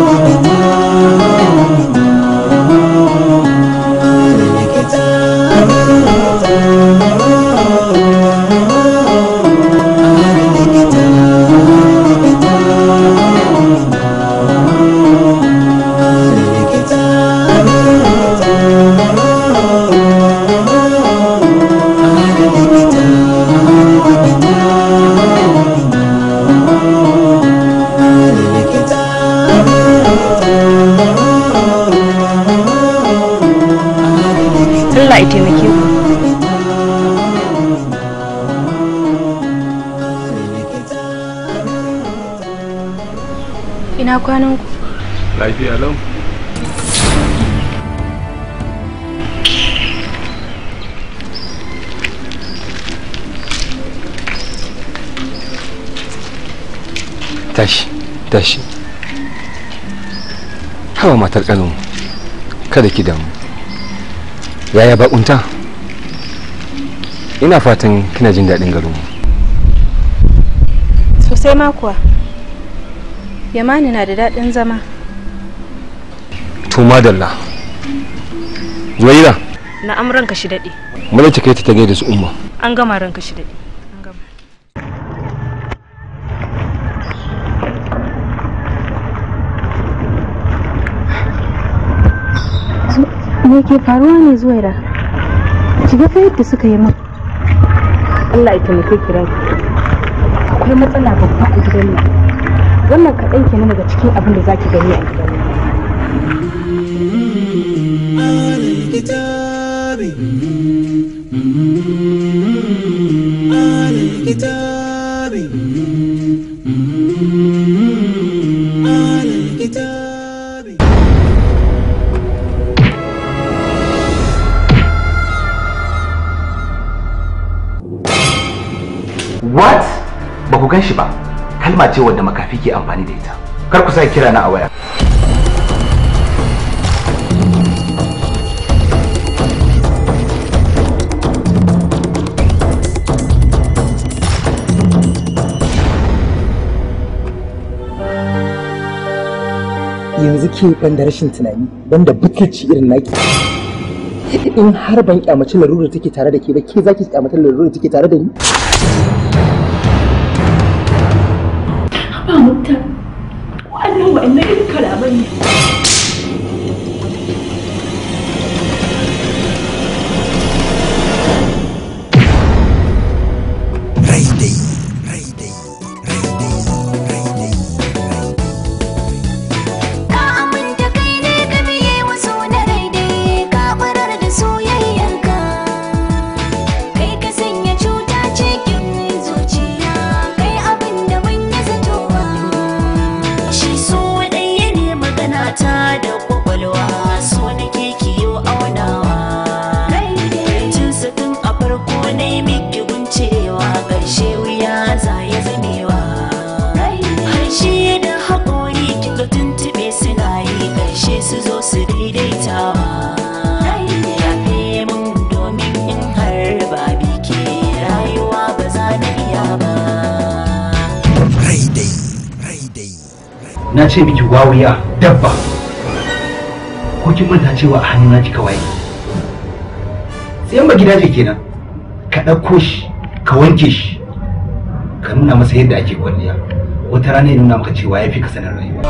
Thank kwananku kwanan ku lafiya lau tashi tashi hawa matar kanin kada ki damu yaya bakunta ina fatan kina jin daɗin garinmu sosai ma kuwa yamani na da daɗin zama to madalla zuwaira na amran ka shi daɗe ta kai ta gaida su umma an gama ranka shi daɗe me ke faruwa ne zuwaira shiga fa yadda suka yi min Allah ya taimake ki akwai matsala babba a gidan nan wannan kaɗan kenan daga cikin abin da zaki gani a gidan What? Ba ku gan shi ba. kalma ce wadda makafi ke amfani da ita kar ku sai kira na a waya yanzu ke ban da rashin tunani banda ci irin naki in har ban kyamaci larurar take tare da ke ba ke zaki kyamatar larurar take tare da ni na ce miki wawiya dabba ko kin manta cewa a hannu na kika waye tsayan ba gidaje kenan ka ɗauko shi ka wanke shi ka nuna masa yadda ake kwalliya wata rana ya nuna maka cewa ya fi ka sanar rayuwa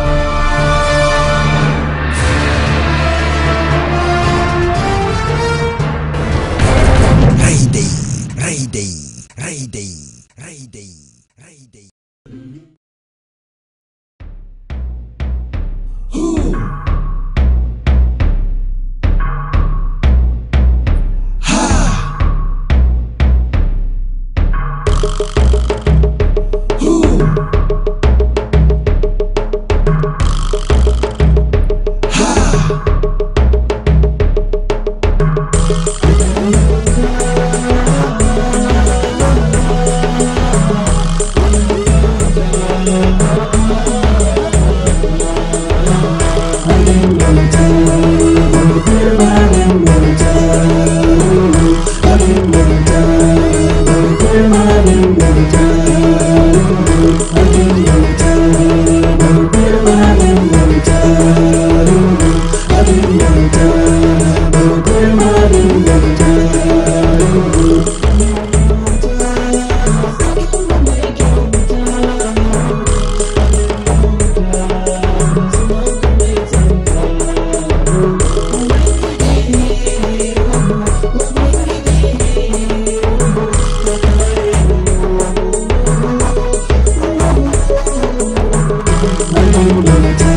嗯。